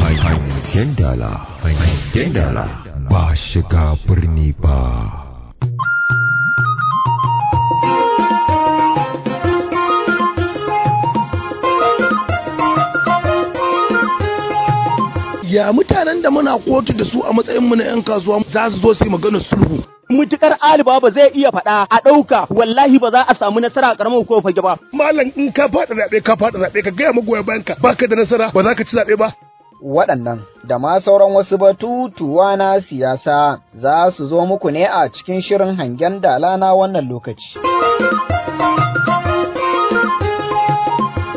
hangen ba shiga birni ba ya mutanen da muna kotu da su a matsayin mu na 'yan kasuwa za su zo su yi magana sulhu mutukar aliba ba zai iya faɗa a ɗauka wallahi ba za a samu nasara a ƙaramar ko fage ba malam in ka faɗa zaɓe ka faɗa zaɓe ka gaya magoya bayan ka da nasara ba za ka ci zaɓe ba waɗannan da ma sauran wasu batutuwa na siyasa za su zo muku ne a cikin shirin hangen dala na wannan lokaci.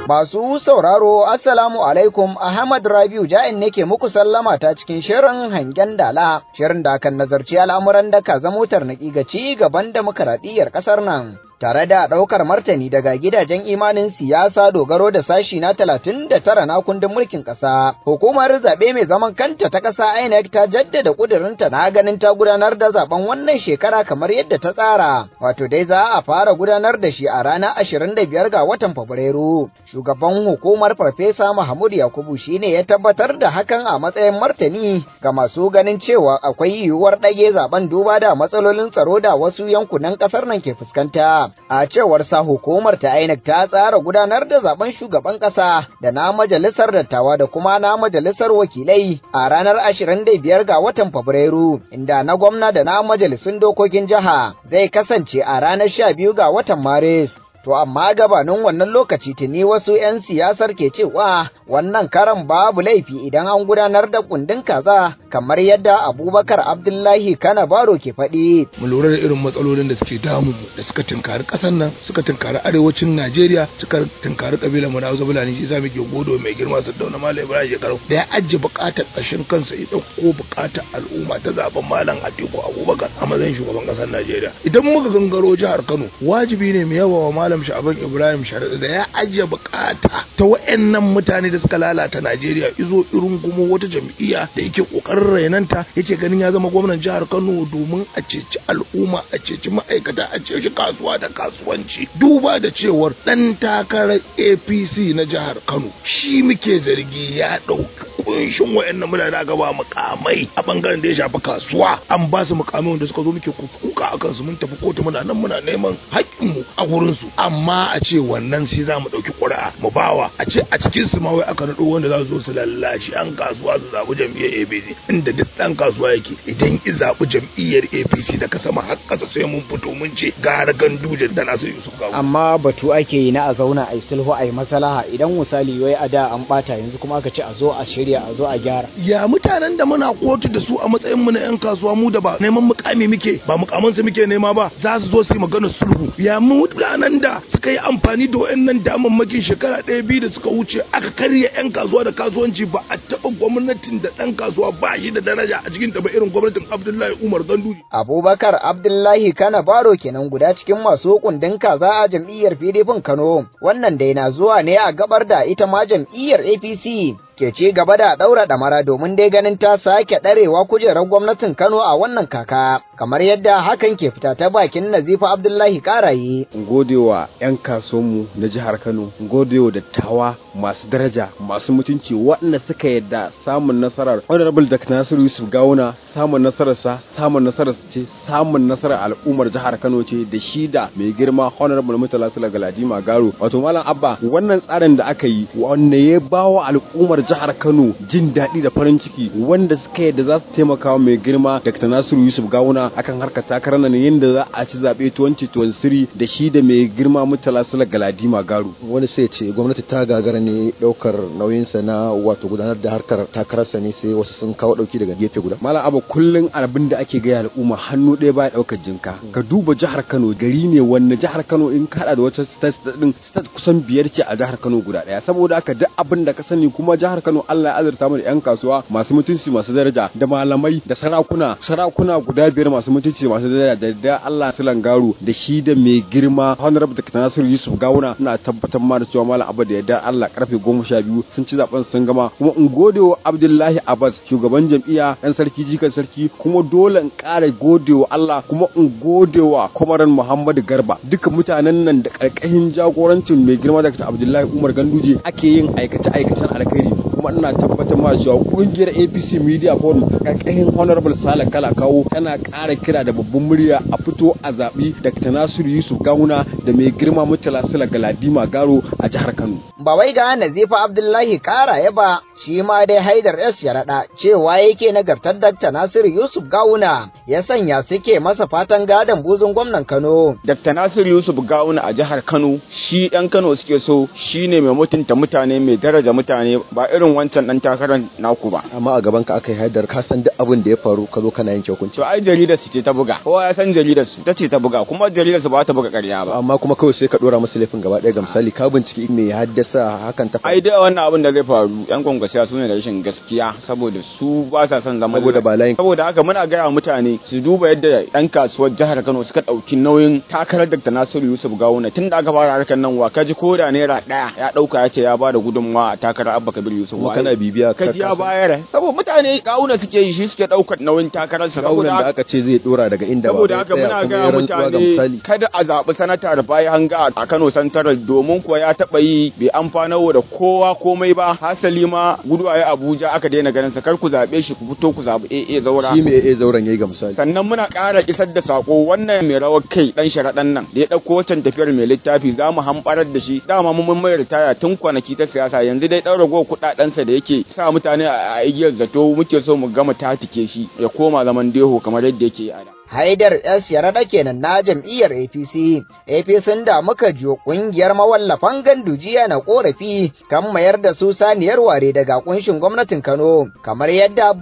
Masu sauraro Assalamu alaikum Ahmad Rabiu Ja'in nake muku sallama ta cikin shirin hangen dala shirin da kan nazarci al'amuran da ka zamo tarnaki ga ci gaban Damokaraɗiyyar ƙasar nan tare da ɗaukar martani daga gidajen imanin siyasa dogaro da sashi na talatin da tara na kundin mulkin ƙasa. Hukumar zaɓe mai zaman kanta ta ƙasa INEC ta jaddada ƙudurinta na ganin ta gudanar da zaɓen wannan shekara kamar yadda ta tsara, wato dai za a fara gudanar da shi a ranar ashirin da biyar ga watan Fabrairu. Shugaban hukumar Farfesa Mahmud Yakubu shi ne ya tabbatar da hakan a matsayin martani ga masu ganin cewa akwai yiwuwar ɗage zaɓen duba da matsalolin tsaro da wasu yankunan ƙasar nan ke fuskanta. a cewar sa hukumar ta INEC ta tsara gudanar da zaben shugaban ƙasa da na majalisar dattawa da kuma na majalisar wakilai a ranar 25 ga watan Fabrairu inda na gwamna da na majalisun dokokin jiha zai kasance a ranar 12 ga watan Maris. To amma gabanin wannan lokaci tuni wasu 'yan siyasar ke cewa wannan karan babu laifi idan an gudanar da kundin kaza kamar yadda Abubakar Abdullahi Kana Baro ke faɗi. Mu lura da irin matsalolin da suke damu da suka tunkari ƙasar nan, suka tunkari arewacin Najeriya, suka tunkari ƙabilar mu na Hausa Fulani shi yasa muke godo mai girma su dauna Malam Ibrahim Shekaru. Da ya ajiye buƙatar ƙashin kansa ya ɗauko buƙatar al'umma ta zaben Malam Atiku Abubakar a matsayin shugaban ƙasar Najeriya. Idan muka gangaro jihar Kano, wajibi ne mu yaba wa Malam malam sha'aban ibrahim sharaɗa da ya ajiye bukata ta wa'annan mutane da suka lalata najeriya izo irin gumo wata jam'iyya da yake kokarin rainanta yake ganin ya zama gwamnan jihar kano domin a ceci al'umma a ceci ma'aikata a ceci kasuwa da kasuwanci duba da cewar ɗan takarar apc na jihar kano shi muke zargi ya ɗauka kunshin eh, wa'annan mutane aka ba mukamai a bangaren da ya shafi kasuwa an ba su mukamai wanda suka zo muke kuka akan su mun tafi kotu muna nan muna neman haƙƙin mu a gurin su amma a ce wannan sai za mu ɗauki ƙuri'a mu bawa a ce a cikin su ma wai aka naɗo wanda za su zo su lallashi an kasuwa su zaɓi jam'iyyar APC inda duk ɗan kasuwa yake idan i zaɓi jam'iyyar APC da ka sama haƙƙasa sai mun fito mun ce gara gandu da su Yusuf Gawo amma batu ake yi na a zauna a yi sulhu a yi masalaha idan misali wai a da an ɓata yanzu kuma aka ce a zo a shirya iya a zo a gyara ya mutanen da muna kotu da su a matsayin mu na yan kasuwa mu da ba neman mukami muke ba mukamin su muke nema ba za su zo su yi magana sulhu ya mutanen da suka yi amfani da wayannan damammakin shekara ɗaya biyu da suka wuce aka karya yan kasuwa da kasuwanci ba a taɓa gwamnatin da ɗan kasuwa ba shi da daraja a cikin taɓa irin gwamnatin Abdullahi Umar Ganduje Abubakar Abdullahi Kana Baro kenan guda cikin masu kundin kaza a jam'iyyar PDP Kano wannan dai na zuwa ne a gabar da ita ma jam'iyyar APC ke ci gaba da daura damara domin dai ganin ta sake ɗarewa kujerar gwamnatin Kano a wannan kaka kamar yadda hakan ke fita ta bakin Nazifa Abdullahi Karayi. Godewa 'yan kasuwanmu na jihar Kano, godewa dattawa masu daraja masu mutunci waɗanda suka yadda samun nasarar Honorable Dr. Nasiru Yusuf Gawuna samun nasarar sa samun nasarar ce samun nasarar al'ummar jihar Kano ce da shi da mai girma Honorable Murtala Sala Galadima Garo wato Mallam Abba wannan tsarin da aka yi wanda ya bawa al'ummar jihar Kano jin daɗi da farin ciki wanda suka yadda za su taimaka mai girma Dr. Nasiru Yusuf Gawuna akan harkar takarar nan yadda za a ci zaɓe 2023 da shi da mai girma Murtala Sula Galadima Garu. Wani sai ce gwamnati ta gagara ne ɗaukar nauyinsa na wato gudanar da harkar takararsa ne sai wasu sun kawo ɗauki daga gefe guda. Malam Abba kullum abin da ake gaya al'umma hannu ɗaya ba ɗaukar jinka. Ka duba jihar Kano gari ne wannan jihar Kano in kaɗa da wata state din state kusan biyar ce a jihar Kano guda ɗaya saboda haka duk abin da ka sani kuma jihar jihar Kano Allah ya azurta mu da yan kasuwa masu mutunci masu daraja da malamai da sarakuna sarakuna guda biyar masu mutunci masu daraja da da Allah Sulan Garu da shi da mai girma Honorable Dr. Nasiru Yusuf Gawuna ina tabbatar ma da cewa Malam Abba da yarda Allah karfe 12 sun ci zaben sun gama kuma in godewa Abdullahi Abbas shugaban jam'iyya dan sarki jikan sarki kuma dole in kara godewa Allah kuma in godewa kwamaran Muhammadu Garba duka mutanen nan da karkashin jagorancin mai girma Dr. Abdullahi Umar Ganduje ake yin aikace-aikacen alkhairi kuma ina tabbatar ma cewa kungiyar APC Media Forum kakkahin Honorable Sale Kala Kawo tana ƙara kira da babban murya a fito a zaɓi Dr. nasir Yusuf Gawuna da mai girma mutala Sula Galadima Garo a jihar Kano. Ba wai ga Nazifa Abdullahi Kara ya ba shi ma dai Haidar S ya raɗa cewa yake nagartar Dr. Nasiru Yusuf Gawuna ya sanya suke masa fatan gadon buzun gwamnan Kano. Dr. nasir Yusuf Gawuna a jihar Kano shi ɗan Kano suke so shine mai mutunta mutane mai daraja mutane ba irin wancan dan takarar naku ba amma a gaban ka aka yi haidar ka san duk abin da ya faru ka zo kana yanke hukunci to ai jaridar su ce ta buga kowa ya san jaridar su ta ce ta buga kuma jaridar su ba ta buga ƙarya ba amma kuma kawai sai ka dora musu laifin gaba ɗaya ga misali ka binciki me ya haddasa hakan ta faru ai da wannan abin da zai faru yan kwankwasiya su ne da rashin gaskiya saboda su ba sa son zama saboda ba layin saboda haka muna gaya mutane su duba yadda yan kasuwar jihar Kano suka dauki nauyin takarar Dr. Nasiru Yusuf Gawuna tun da aka fara harkar nan wa kaji ko da naira ɗaya ya dauka ya ce ya ba da gudunmawa a takarar Abba Kabir Yusuf kuma kana bibiya ka ji bayar saboda mutane kauna suke yi shi suke daukar nauyin takarar sa saboda da aka ce zai dora daga inda ba saboda haka muna ga mutane kada a zabi sanatar da hanga a Kano Central domin kuwa ya taba yi bai amfana da kowa komai ba hasali ma guduwa ya Abuja aka daina ganin sa kar ku zabe shi ku fito ku zabi AA zaura shi me AA zauren yayi ga misali sannan muna ƙara isar da sako wannan mai rawar kai dan sharadan nan da ya dauko wancan tafiyar mai littafi za mu hambarar da shi dama mun mai ritaya tun kwanaki ta siyasa yanzu dai dan go kudaden sa da yake sa mutane a igiyar zato muke so mu gama tatike shi ya koma zaman deho kamar yadda yake a da haidar s yarada kenan na jam'iyyar apc apc da muka jiyo kungiyar mawallafan jiya na korafi kan mayar da su saniyar ware daga kunshin gwamnatin kano kamar yadda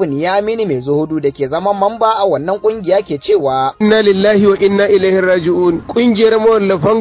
mini mai zuhudu da ke zaman mamba a wannan kungiya ke cewa inna lillahi wa inna ilaihi raji'un kungiyar mawallafan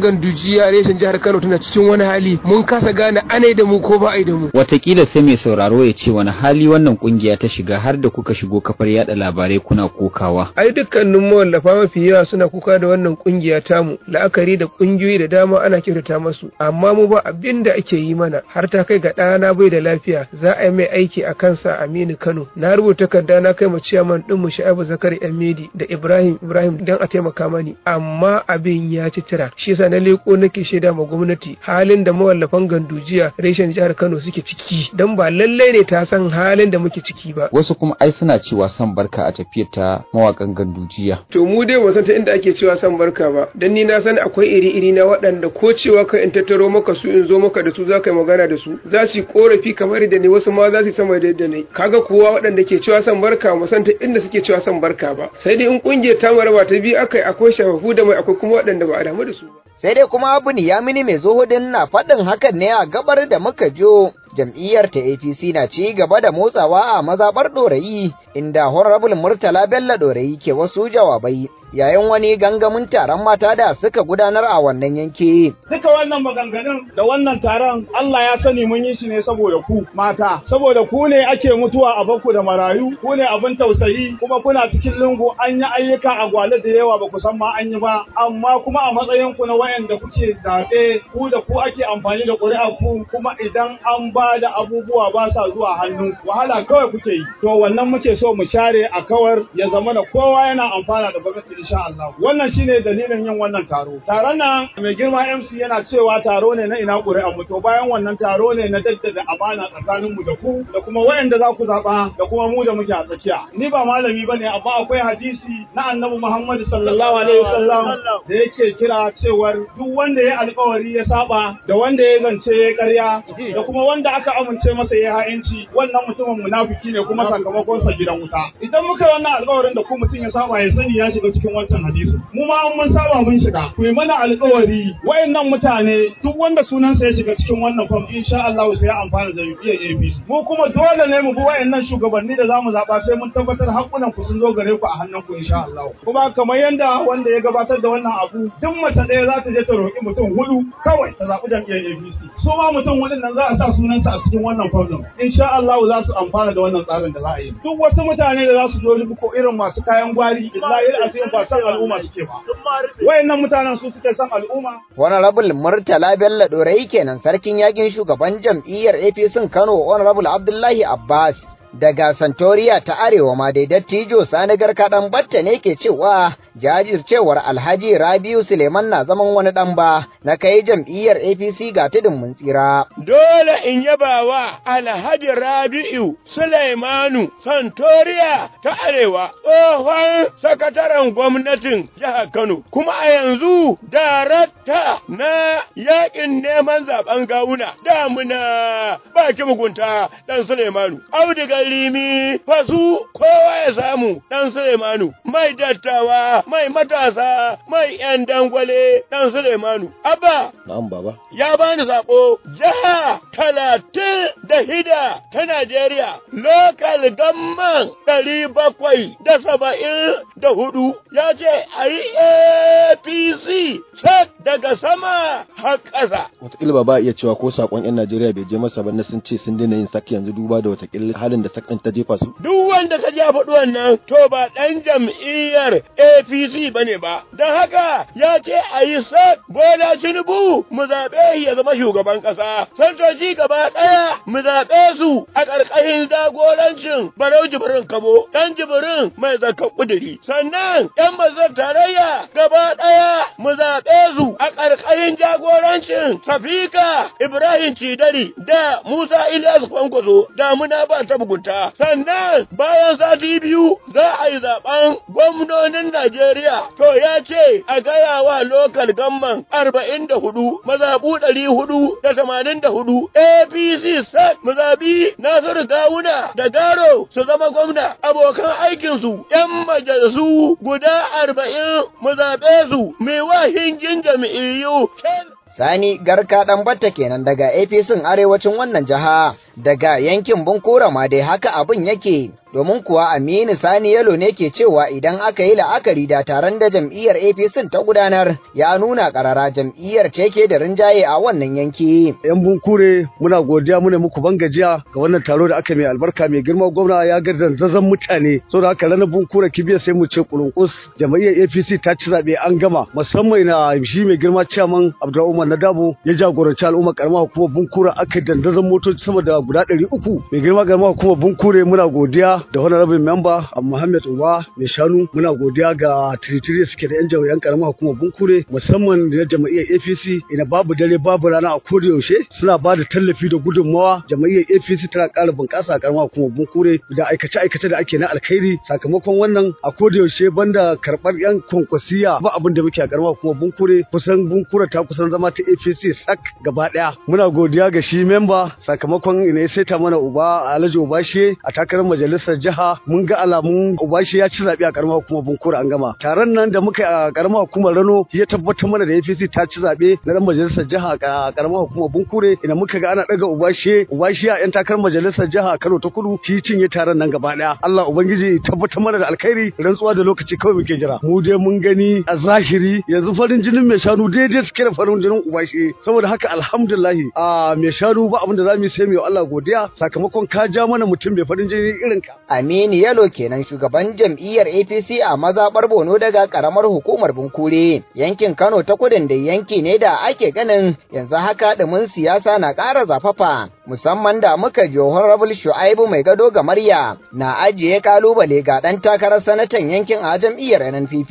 a reshen jihar kano tana cikin wani hali mun kasa gane anai da mu ko ba ai da mu watakila sai mai sauraro ya ce wani hali wannan kungiya ta shiga har da kuka shigo kafar yada labarai kuna kokawa ai dukkanin mawallafa mafi yawa suna kuka da wannan kungiya tamu la'akari da kungiyoyi da dama ana kyautata masu amma mu ba abin da ake yi mana har ta kai ga ɗana bai da lafiya za a yi mai aiki a kansa Aminu Kano na rubuta takarda na kai ma ciyaman din mu Sha'ibu Zakari medi da Ibrahim Ibrahim dan a taimaka mani amma abin ya ci tira shi yasa na leko nake shaida ma gwamnati halin da mawallafan gandujiya reshen jihar Kano suke ciki dan ba lallai ne ta san halin da muke ciki ba wasu kuma ai suna cewa san barka a tafiyar ta mawakan gandujiya to mu dai ba san ta inda ake cewa san barka ba dan ni na san akwai iri iri na waɗanda ko cewa kai in tattaro maka su in zo maka da su za ka yi magana da su za su korafi kamar da ne wasu ma za su sama da ne kaga kowa waɗanda ke cewa san barka ba san ta inda suke cewa san barka ba sai dai in kungiyar ta maraba ta biyu akai akwai shafafu da mai akwai kuma waɗanda ba a damu da su ba sai dai kuma abu ya mini mai zohodin na faɗin hakan ne a gabar da muka jo jam'iyyar ta APC na ci gaba da motsawa a mazaɓar ɗorayi inda Honorable Murtala Bello ɗorayi ke wasu jawabai. yayin wani gangamin taron mata da suka gudanar a wannan yanki. Duka wannan maganganun da wannan taron Allah ya sani mun yi shi ne saboda ku mata, saboda ku ne ake mutuwa a baku da marayu, ku ne abin tausayi kuma kuna cikin lungu an yi ayyuka a gwale da yawa ba ku san ma an yi ba, amma kuma a matsayin ku na wayanda kuke zaɓe ku da ku ake amfani da ƙuri'a ku kuma idan an ba da abubuwa ba sa zuwa hannu wahala kawai kuke yi. To wannan muke so mu share a kawar ya zama da kowa yana amfana da gwamnati insha Allah wannan shine dalilin yin wannan taro taron nan mai girma MC yana cewa taro ne na ina ƙuri'a mu to bayan wannan taro ne na daddada amana tsakanin mu da ku da kuma waɗanda za ku zaɓa da kuma mu da muke a tsakiya ni ba malami bane amma akwai hadisi na annabi Muhammad sallallahu alaihi wasallam da yake kira cewar duk wanda ya alƙawari ya saba da wanda ya zance ya ƙarya da kuma wanda aka amince masa ya ha'inci wannan mutumin munafiki ne kuma sa gidan wuta idan muka yi wannan alƙawarin da ku mutum ya saba ya sani ya shiga cikin cikin wancan hadisi mu ma mun saba mun shiga ku yi mana alƙawari wayannan mutane duk wanda sunansa ya shiga cikin wannan fam insha Allah sai ya amfana da jam'iyyar APC mu kuma dole ne mu bi wayannan shugabanni da zamu zaba sai mun tabbatar hakkunan ku sun zo gare ku a hannun ku insha Allah kuma kamar yanda wanda ya gabatar da wannan abu duk mace ɗaya za ta je ta roƙi mutum hudu kawai ta zaɓi jam'iyyar APC su ma mutum hudun nan za a sa sunansa a cikin wannan fam din insha Allah za su amfana da wannan tsarin da za a yi duk wasu mutane da za su zo ko irin masu kayan gwari illa ila asirin ba Wani san al'umma suke ba wayannan mutanen su suke san al'umma honorable murtala bello dorai kenan sarkin yakin shugaban jam'iyyar APC Kano honorable Abdullahi Abbas daga Santoriya ta Arewa ma dai dattijo Sani Garkaɗan Batta ne ke cewa jajircewar Alhaji Rabiu Suleiman na zaman wani ɗan ba na kai jam'iyyar APC ga tudun mun tsira. Dole in yaba wa Alhaji Rabiu Suleimanu Santoriya ta Arewa tsohon sakataren gwamnatin jihar Kano kuma a yanzu darakta na yakin neman zaben gawuna damuna baki mugunta ɗan Suleimanu. Audiga ɗan rimi kowa ya samu ɗan Sulemanu, mai dattawa, mai matasa, mai ‘yan dangwale ɗan Sulemanu. Abba, na'am baba, ya bani sako jiha talatin da hida ta Najeriya, lokal gamman ɗari bakwai da saba'in da hudu, ya ce a yi APC cak daga sama har ƙasa. Wataƙila ba ba iya cewa ko saƙon ‘yan Najeriya bai je masa ba na sun ce sun daina yin saki yanzu duba da wataƙila halin da jefa su duk wanda ka ja faɗi wannan to ba ɗan jam'iyyar APC ne ba don haka ya ce a yi sak Bola Tinubu mu zaɓe shi ya zama shugaban ƙasa sojoji gaba ɗaya mu zaɓe su a ƙarƙashin jagorancin Barau Jibrin Kabo ɗan Jibrin mai zakkan ƙuduri sannan ƴan bazar tarayya gaba ɗaya mu zaɓe su a ƙarƙashin jagorancin Safika Ibrahim Cidari da Musa Ilyas Kwankwaso da muna ba ta bugun kyauta sannan bayan sati biyu za a yi zaben gwamnonin Najeriya to ya ce a gaya wa lokal gamman arba'in da hudu mazaɓu ɗari hudu da tamanin da hudu APC sat mazaɓi Nasiru Gawuna da Garo su zama gwamna abokan aikinsu ‘yan majalisu guda arba'in mazaɓe su mai wahingin jam'iyyu. Sani Garka Ɗanbata kenan daga APC arewacin wannan jiha. daga yankin bunkura ma dai haka abin yake domin kuwa aminu sani yalo ne ke cewa idan aka yi la'akari da taron da jam'iyyar apc ta gudanar ya nuna karara jam'iyyar ce da rinjaye a wannan yanki yan bunkure muna godiya muna muku ban gajiya. ga wannan taro da aka mai albarka mai girma gwamna ya garda zazan mutane so da haka ranar Bunkura kibiyar sai mu ce kurunkus jam'iyyar apc ta ci zaɓe an gama musamman na shi mai girma ciyaman abdulrahman nadabo ya jagoranci al'umma karamar hukumar bunkura aka dandazon motoci sama guda ɗari uku mai girma garma kuma bunkure muna godiya da honorable member muhammed Uba mai shanu muna godiya ga tiritiri suke da yan jami'an karama hukumar bunkure musamman da jama'iyyar APC ina babu dare babu rana a kodi yaushe suna ba da tallafi da gudunmawa jama'iyyar APC tana ƙara bunƙasa a karamar hukumar bunkure da aikace-aikace da ake na alkhairi sakamakon wannan a kodi yaushe banda karɓar yan kwankwasiya ba abin da muke a karamar hukumar bunkure kusan bunkure ta kusan zama ta APC sak gaba ɗaya muna godiya ga shi memba sakamakon ne ya ta mana uba Alhaji Ubashe a takarar majalisar jiha mun ga alamun shi ya ci zaɓe a karamar hukumar Bunkura an gama. Taron nan da muka a karamar hukumar Rano ya tabbatar mana da APC ta ci zaɓe na dan majalisar jiha a karamar hukumar Bunkure ina muka ga ana daga Ubashe Ubashe a 'yan takarar majalisar jiha Kano ta Kudu shi cinye taron nan gaba ɗaya. Allah Ubangiji tabbatar mana da alkhairi rantsuwa da lokaci kawai muke jira. Mu dai mun gani a zahiri yanzu farin jinin mai shanu daidai suke da farin jinin Ubashe saboda haka alhamdulillah a mai shanu ba abin da za mu yi sai mai Allah Allah godiya sakamakon ka ja mana mutum mai farin jini irin ka. Aminu Yalo kenan shugaban jam'iyyar APC a mazaɓar Borno daga karamar hukumar Bunkure. Yankin Kano ta kudin da yanki ne da ake ganin yanzu haka ɗumin siyasa na ƙara zafafa. musamman da muka ji Honorable Shu'aibu mai gado ga Marya na ajiye kalubale ga dan takarar sanatan yankin a jam'iyyar NNPP.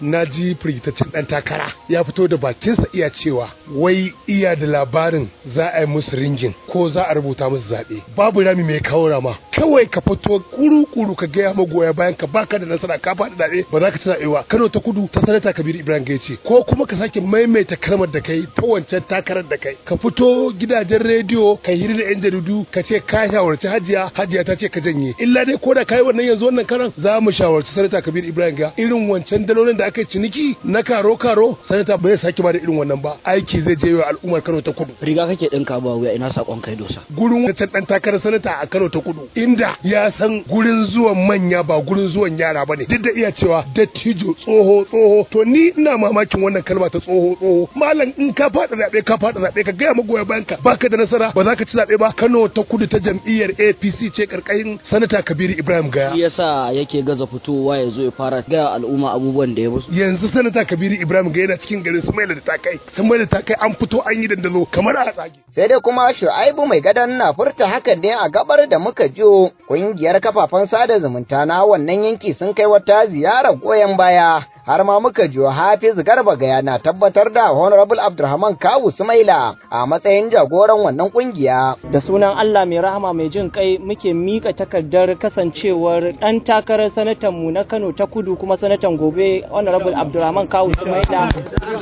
Na ji firitaccen dan takara ya fito da bakinsa iya cewa wai iya da labarin za a yi musu ringin ko za a rubuta musu zaɓe. Babu rami mai kawo rama kawai ka fito kuru-kuru ka gaya magoya bayan ka baka da nasara ka faɗi zaɓe ba za ka ci zaɓe ba. Kano ta kudu ta sanata Kabiru Ibrahim Gaice ko kuma ka sake maimaita kalmar da kai ta wancan takarar da kai ka fito gidajen rediyo ka yi. hira da yan jaridu ka ce ka shawarci hajiya hajiya ta ce ka janye illa dai ko da kai wannan yanzu wannan karan za mu shawarci sanata kabir ibrahim ga irin wancan dalolin da aka ciniki na karo karo sanata ba zai sake ba da irin wannan ba aiki zai je wa al'ummar kano ta kudu riga kake ka ba wuya ina sakon kai dosa gurin wancan dan takarar sanata a kano ta kudu inda ya san gurin zuwan manya ba gurin zuwan yara bane duk da iya cewa dattijo tsoho tsoho to ni ina mamakin wannan kalma ta tsoho tsoho malam in ka fada zabe ka fada zabe ka gaya magoya bayan ka baka da nasara ba za ka ci zaɓe ba Kano ta kudu ta jam'iyyar APC ce karkashin sanata Kabiru Ibrahim Gaya. Shi yasa yake gaza fitowa ya zo ya fara ga al'umma abubuwan da ya musu. Yanzu sanata Kabiru Ibrahim Gaya yana cikin garin su da takai sun da takai an fito an yi dandalo kamar a tsage. Sai dai kuma Shu'aibu mai gadan na furta hakan ne a gabar da muka jiyo kungiyar kafafen sada zumunta na wannan yanki sun kai wata ziyarar goyon baya har ma muka jiwa Hafiz Garba Gaya na tabbatar da Honorable Abdulrahman Kawu Sumaila a matsayin jagoran wannan kungiya. Da sunan Allah mai rahama mai jin kai muke mika takardar kasancewar dan takarar sanatan mu na Kano ta Kudu kuma sanatan Gobe Honorable Abdulrahman Kawu Sumaila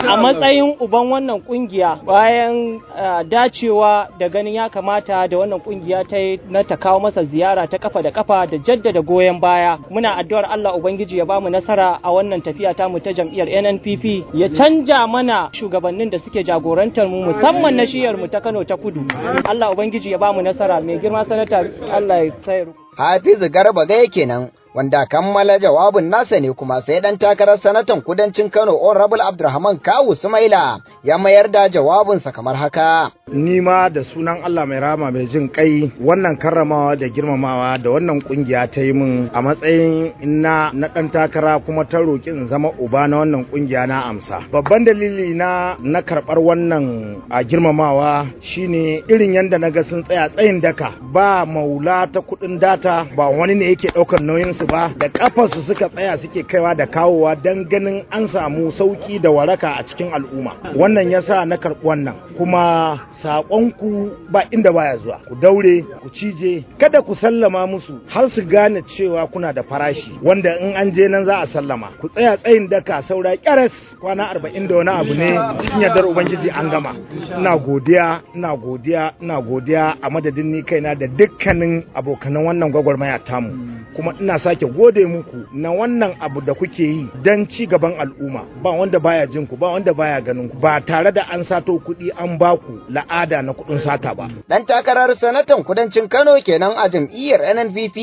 a matsayin uban wannan kungiya bayan dacewa da ganin ya kamata da wannan kungiya ta na ta kawo masa ziyara ta kafa da kafa da jaddada goyon baya muna addu'ar Allah ubangiji ya bamu nasara a wannan tafiya jam'iyya ta mu ta jam'iyyar NNPP ya canja mana shugabannin da suke jagorantar mu musamman na shiyar mu ta Kano ta Kudu Allah ubangiji ya bamu nasara mai girma sanata Allah ya tsayar Hafizu Garba ga kenan wanda kammala jawabin nasa ne kuma sai dan takarar sanatan kudancin Kano Honorable Abdulrahman Kawu Sumaila ya mayar da jawabinsa kamar haka. Ni ma da sunan Allah mai rama mai jin kai wannan karramawa da girmamawa da wannan kungiya ta yi min a matsayin ina na dan takara kuma ta roki in zama uba na wannan kungiya na amsa. Babban dalili na na karbar wannan a girmamawa shine irin yanda na ga sun tsaya tsayin daka ba maula ta kudin data ba wani ne yake daukar nauyin su ba da kafarsu suka tsaya suke kaiwa da kawowa don ganin an samu sauki da waraka a cikin al'umma wannan yasa na karɓi wannan kuma saƙonku ba inda baya zuwa ku daure ku cije kada ku sallama musu har su gane cewa kuna da farashi wanda in an je nan za a sallama ku tsaya tsayin daka saura kyaras kwana arba'in da wani abu ne cikin yardar ubangiji an gama ina godiya ina godiya ina godiya a madadin ni kaina da dukkanin abokanan wannan gwagwarmaya tamu kuma ina sa sake gode muku na wannan abu da kuke yi don ci gaban al'umma ba wanda baya jin ku ba wanda baya ganin ku ba tare da an sato kuɗi an ba ku la'ada na kuɗin sata ba. Dan takarar sanatan kudancin Kano kenan a jam'iyyar NNPP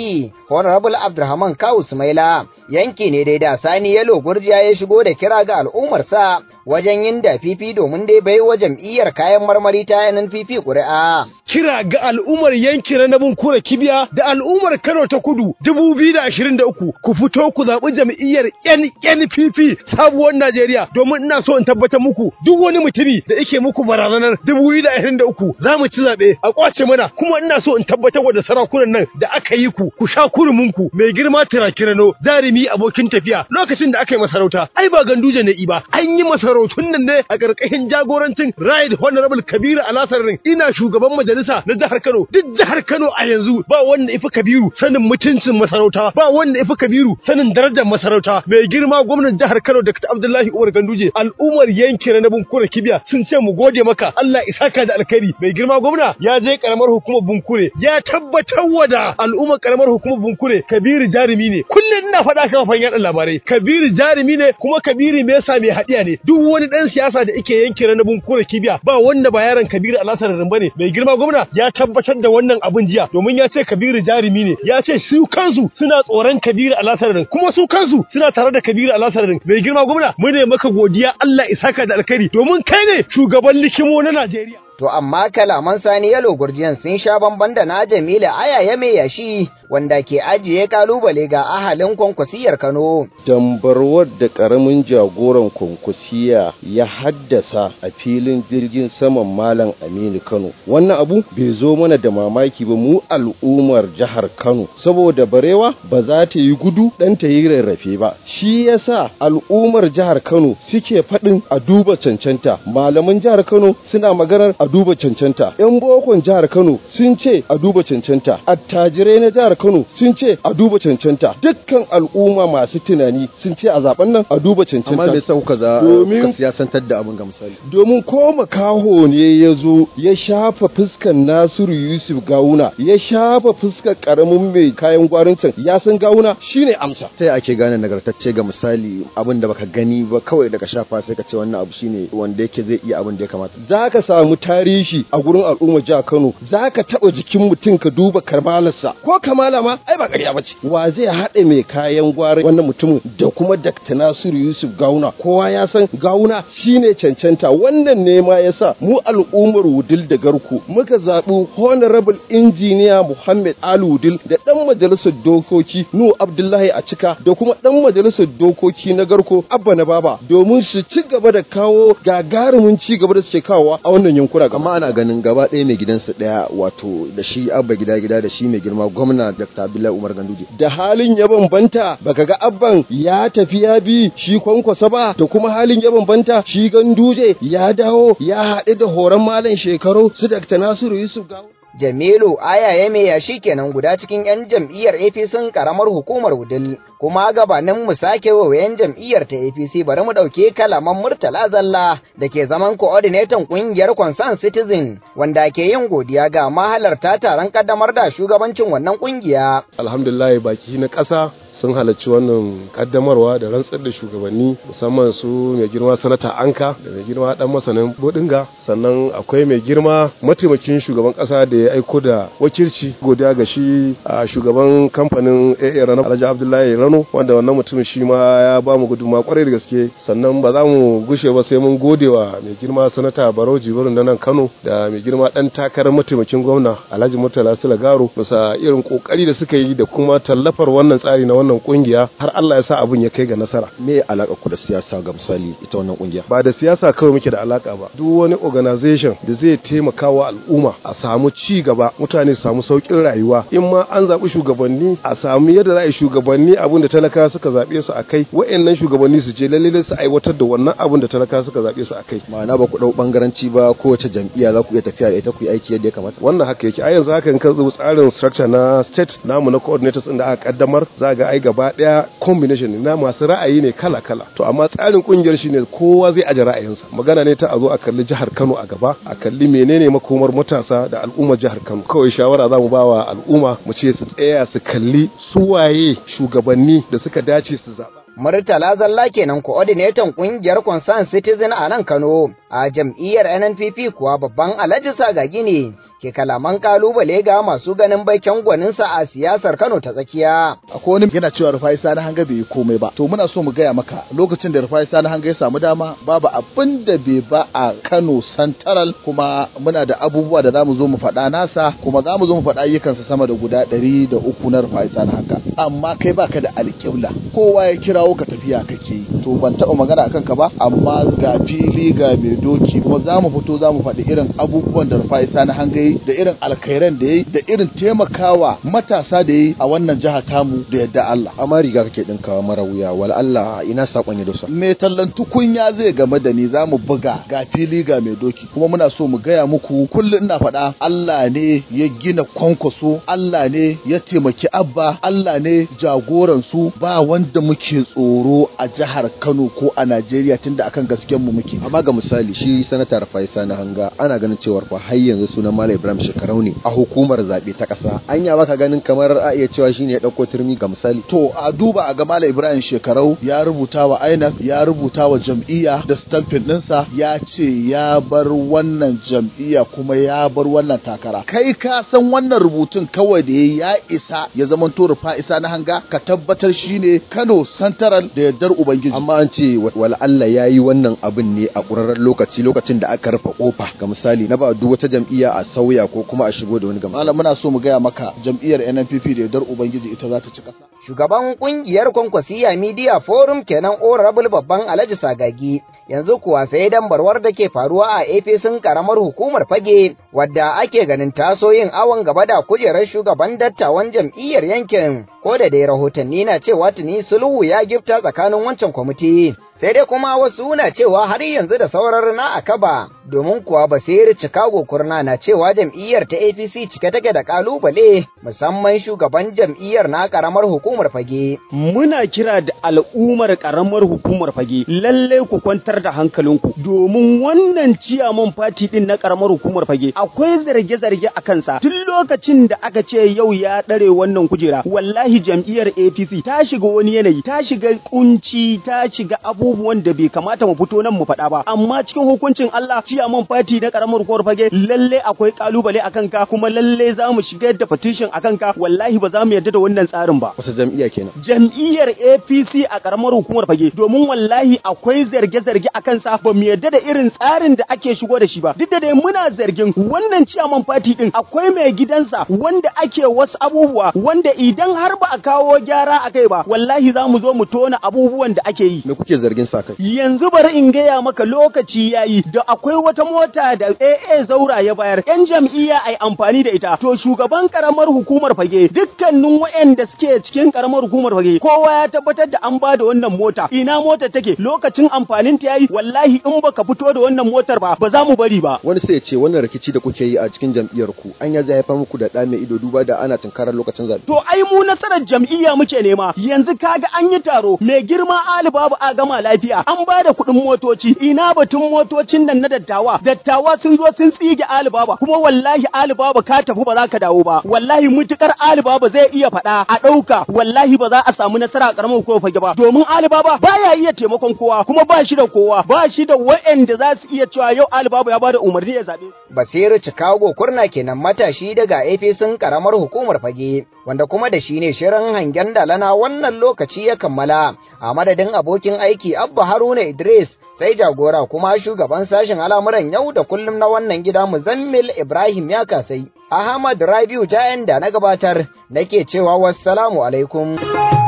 Honorable Abdulrahman Kawu Sumaila yanki ne dai da Sani yelo Gurjiya ya shigo da kira ga al'ummarsa. wajen yin da fifi domin dai bai wa jam'iyyar kayan marmari ta fifi ƙuri'a. Kira ga al'ummar yanki na nabin kura kibiya da al'ummar Kano ta kudu dubu biyu da da ashirin uku, ku fito ku zaɓi jam'iyyar NNPP sabuwar Najeriya domin ina so in tabbatar muku duk wani mutumi da yake muku barazanar dubu biyu da da ashirin uku. za mu ci zaɓe a ƙwace mana kuma ina so in tabbatar wa da sarakunan nan da aka yi ku ku sha kuruminku mai girma tirakirano jarumi abokin tafiya lokacin da aka yi masarauta ai ba ganduje ne ba an yi masarauta masarautun nan ne a ƙarƙashin jagorancin raid Honorable Kabiru Alasarin ina shugaban majalisa na jihar Kano duk jihar Kano a yanzu ba wanda ifi Kabiru sanin mutuncin masarauta ba wanda ifi Kabiru sanin darajar masarauta mai girma gwamnan jihar Kano Dr. Abdullahi Umar Ganduje al'ummar yankin na Bunkure Kibiya sun ce mu gode maka Allah isaka da alkhairi mai girma gwamna ya je karamar hukumar Bunkure ya tabbatar wa da al'ummar karamar hukumar Bunkure Kabiru jarumi ne kullum ina faɗa kafan yaɗa labarai Kabiru jarumi ne kuma Kabiru me yasa mai haɗiya ne duk wani dan siyasa da yake yanke ranabin kura kibiya ba wanda ba yaron Kabiru Alasar Ramba ne mai girma gwamna ya tabbatar da wannan abin jiya domin ya ce Kabiru jarumi ne ya ce su kansu suna tsoron Kabiru Alasar kuma su kansu suna tare da Kabiru Alasar mai girma gwamna mu ne maka godiya Allah isaka da alkhairi domin kai ne shugaban likimo na Najeriya To amma kalaman Sani Yalo Gurjiyan sun sha bamban da na Jamila ya mai yashi wanda ke ajiye kalubale ga ahalin kwankwasiyar Kano. Dambarwar da karamin jagoran kwankwasiya ya haddasa a filin jirgin saman Malam Aminu Kano. Wannan abu bai zo mana da mamaki ba mu al'ummar jihar Kano saboda barewa ba za ta yi gudu dan ta yi rarrafe ba. Shi yasa al'ummar jihar Kano suke faɗin a duba cancanta. Malaman jihar Kano suna maganar a a duba cancanta yan bokon jihar Kano sun ce a duba cancanta attajirai na jihar Kano sun ce a duba cancanta dukkan al'umma masu tunani sun ce a zaben nan a duba cancanta amma me yasa kuka za ka siyasantar da abin ga misali domin ko makaho ne ya zo ya shafa fuskan Nasiru Yusuf Gawuna ya shafa fuskar karamin mai kayan gwarincin ya san Gawuna shine amsa ta ake gane nagartacce ga misali abin da baka gani ba kawai daga shafa sai ka ce wannan abu shine wanda yake zai iya abin da ya kamata Za ka samu ta shi a gurin al'ummar jihar Kano za ka taɓa jikin mutum ka duba karmalarsa ko kamala ma ai ba ƙarya ba ce wa zai haɗe mai kayan gwari wannan mutumin da kuma Dr. Nasiru Yusuf Gauna kowa ya san Gauna shine cancanta wannan ne ma yasa mu al'ummar Wudil da Garku muka zaɓi Honorable Engineer Muhammad Ali Wudil da ɗan majalisar dokoki nu Abdullahi a cika da kuma ɗan majalisar dokoki na Garko Abba na Baba domin su ci gaba da kawo gagarumin ci gaba da suke kawo a wannan yankuna amma ana ganin gaba ɗaya mai gidansa ɗaya wato da shi abba gida gida da shi mai girma gwamna dr abdullahi umar ganduje da halin ya bambanta baka ga abban ya tafi ya bi shi kwankwasa ba da kuma halin ya bambanta shi ganduje ya dawo ya haɗu da horon malam shekaru su dr nasiru yusuf gawo Jamilu Ayaye mai yashi kenan guda cikin 'yan jam'iyyar APC karamar hukumar Wudil, kuma gabanin mu sake wa 'yan jam'iyyar ta APC bari mu ɗauke kalaman Murtala Zalla da ke zaman coordinator ƙungiyar Concern Citizen wanda ke yin godiya ga mahalarta taron kaddamar da shugabancin wannan ƙungiya. Alhamdulillah baki na ƙasa sun halarci wannan kaddamarwa da rantsar da shugabanni musamman su mai girma sanata anka da mai girma dan masanin bodinga sannan akwai mai girma mataimakin shugaban kasa da ya aiko da wakilci godiya ga shi a shugaban kamfanin AA Rano Alhaji Abdullahi Rano wanda wannan mutum shi ma ya ba mu gudunmawa kwarai da gaske sannan ba za mu gushe ba sai mun gode wa mai girma sanata Barau Jibrin da nan Kano da mai girma dan takarar mataimakin gwamna Alhaji Murtala Sulagaro bisa irin kokari da suka yi da kuma tallafar wannan tsari na wannan wannan kungiya har Allah ya sa abun ya kai ga nasara me alaka ku da siyasa ga misali ita wannan kungiya ba da siyasa kawai muke da alaka ba duk wani organization da zai taimaka wa al'umma a samu ci gaba mutane su samu saukin rayuwa in ma an zabi shugabanni a samu yadda za a yi shugabanni abin da talaka suka zaɓe su a kai wa'annan shugabanni su je lalle su aiwatar da wannan abin da talaka suka zabe su a kai ma'ana ba ku ɗau bangaranci ba kowace jam'iyya za ku iya tafiya da ita ku yi aiki yadda ya kamata wannan haka yake a yanzu haka in ka tsarin structure na state namu na coordinators inda aka kaddamar za ga ai gaba daya combination na masu ra'ayi ne kala kala to amma tsarin kungiyar ne kowa zai aje ra'ayinsa magana ne ta a zo a kalli jihar Kano a gaba a kalli menene makomar matasa da al'ummar jihar Kano kawai shawara za mu ba wa al'umma mu ce su tsaya su kalli su waye shugabanni da suka dace su zaba Murtala Zalla kenan coordinator kungiyar Concern Citizen a nan Kano a jam'iyyar NNPP kuwa babban alhaji sagagi ne ke kalaman kalubale ga masu ganin gwanin gwaninsa a siyasar Kano ta tsakiya. Akwai wani yana cewa Rufai Sani Hanga bai yi komai ba. To muna so mu gaya maka lokacin da Rufai Sani Hanga ya samu dama babu abin da bai ba a Kano Santaral kuma muna da abubuwa da zamu zo mu faɗa nasa kuma zamu zo mu faɗa ayyukansa sama da guda ɗari da uku na Rufai Sani Hanga. Amma kai baka da alƙibla kowa ya kirawo ka tafiya kake yi. To ban taɓa magana akan ka ba amma ga fili ga mai doki kuma zamu fito zamu faɗi irin abubuwan da Rufai Sani Hanga yi da irin alkhairan da yayi da irin taimakawa matasa da yayi a wannan jiha tamu da yadda Allah amma riga kake dinkawa mara wuya wal Allah ina sakon ya dosa me tallan tukunya zai game da ni za mu buga ga fili ga mai doki kuma muna so mu gaya muku kullum ina faɗa Allah ne ya gina kwankwaso Allah ne ya taimaki abba Allah ne jagoran su ba wanda muke tsoro a jihar Kano ko a Najeriya tunda akan gasken mu muke amma ga misali shi sanata Rafai Sani Hanga ana ganin cewa fa har yanzu sunan Malam ibrahim shekarau ne a hukumar zaɓe ta ƙasa ya baka ganin kamar a iya cewa shine ya ɗauko turmi ga misali to a duba a ga malam ibrahim shekarau ya rubuta wa inec ya rubuta wa jam'iyya da stampin ɗinsa ya ce ya bar wannan jam'iyya kuma ya bar wannan takara kai ka san wannan rubutun kawai da ya isa ya zama to rufa isa na hanga ka tabbatar shine kano santaral da yardar ubangiji amma an ce wal Allah ya yi wannan abin ne a ƙurarren lokaci lokacin da aka rufe kofa ga misali na ba duk wata jam'iyya a sau wuya ko kuma a shigo da wani gama. Malam muna so mu gaya maka jam'iyyar NNPP da yardar Ubangiji ita za ta ci ƙasa. Shugaban ƙungiyar Kwankwasiya Media Forum kenan Honorable Babban Alhaji Sagagi yanzu kuwa sai barwar da ke faruwa a APC karamar hukumar fage wadda ake ganin taso yin awon gaba da kujerar shugaban dattawan jam'iyyar yankin ko da dai rahotanni na cewa tuni sulhu ya gifta tsakanin wancan kwamiti sai dai kuma wasu na cewa har yanzu da sauran na akaba domin kuwa basiri chicago kurna na cewa jam'iyyar ta apc cike take da kalubale musamman shugaban jam'iyyar na karamar hukumar fage muna kira da al'ummar karamar hukumar fage lallai ku kwantar kwantar da hankalinku domin wannan ciyaman fati din na karamar hukumar fage akwai zarge-zarge a kansa tun lokacin da aka ce yau ya dare wannan kujera wallahi jam'iyyar APC ta shiga wani yanayi ta shiga kunci ta shiga abubuwan da bai kamata mu fito nan mu faɗa ba amma cikin hukuncin Allah ciyaman fati na karamar hukumar fage lalle akwai kalubale akan ka kuma lalle za mu shigar da petition akan ka wallahi ba za mu yarda da wannan tsarin ba wasu jam'iyya kenan jam'iyyar APC a karamar hukumar fage domin wallahi akwai zarge-zarge zargi a kansa ba mu yarda da irin tsarin da ake shigo da shi ba duk da dai muna zargin wannan ciyaman fati din akwai mai gidansa wanda ake wasu abubuwa wanda idan har ba a kawo gyara a kai ba wallahi za mu zo mu tona abubuwan da ake yi me kuke zargin sa kai yanzu bari in gaya maka lokaci yayi da akwai wata mota da AA Zaura ya bayar yan jam'iyya ai amfani da ita to shugaban karamar hukumar fage dukkanin waɗanda suke cikin karamar hukumar fage kowa ya tabbatar da an ba da wannan mota ina mota take lokacin amfanin ta yayi wallahi in baka fito da wannan motar ba ba za mu bari ba wani sai ya ce wannan rikici da kuke yi a cikin jam'iyyar ku an ya zai muku da dame ido duba da ana tunkarar lokacin zabe to ai mu nasarar jam'iyya muke nema yanzu kaga an yi taro mai girma Ali babu a gama lafiya an ba da kuɗin motoci ina batun motocin nan na dattawa dattawa sun zo sun tsige Ali baba kuma wallahi Ali baba ka tafi ba za ka dawo ba wallahi mutukar Ali baba zai iya faɗa a ɗauka wallahi ba za a samu nasara a ƙaramin ko fage ba domin Ali baba baya iya taimakon kowa kuma ba shi da kowa kowa ba shi da wa'anda za su iya cewa yau babu ya bada umarni ya zaɓe. Basiru Chicago kurna kenan matashi daga APC karamar hukumar fage wanda kuma da shi ne shirin hangen dalana wannan lokaci ya kammala a madadin abokin aiki Abba Haruna Idris sai jagora kuma shugaban sashen al'amuran yau da kullum na wannan gida Muzammil Ibrahim ya kasai. Ahmad Rabiu ta da na gabatar nake cewa wassalamu alaikum.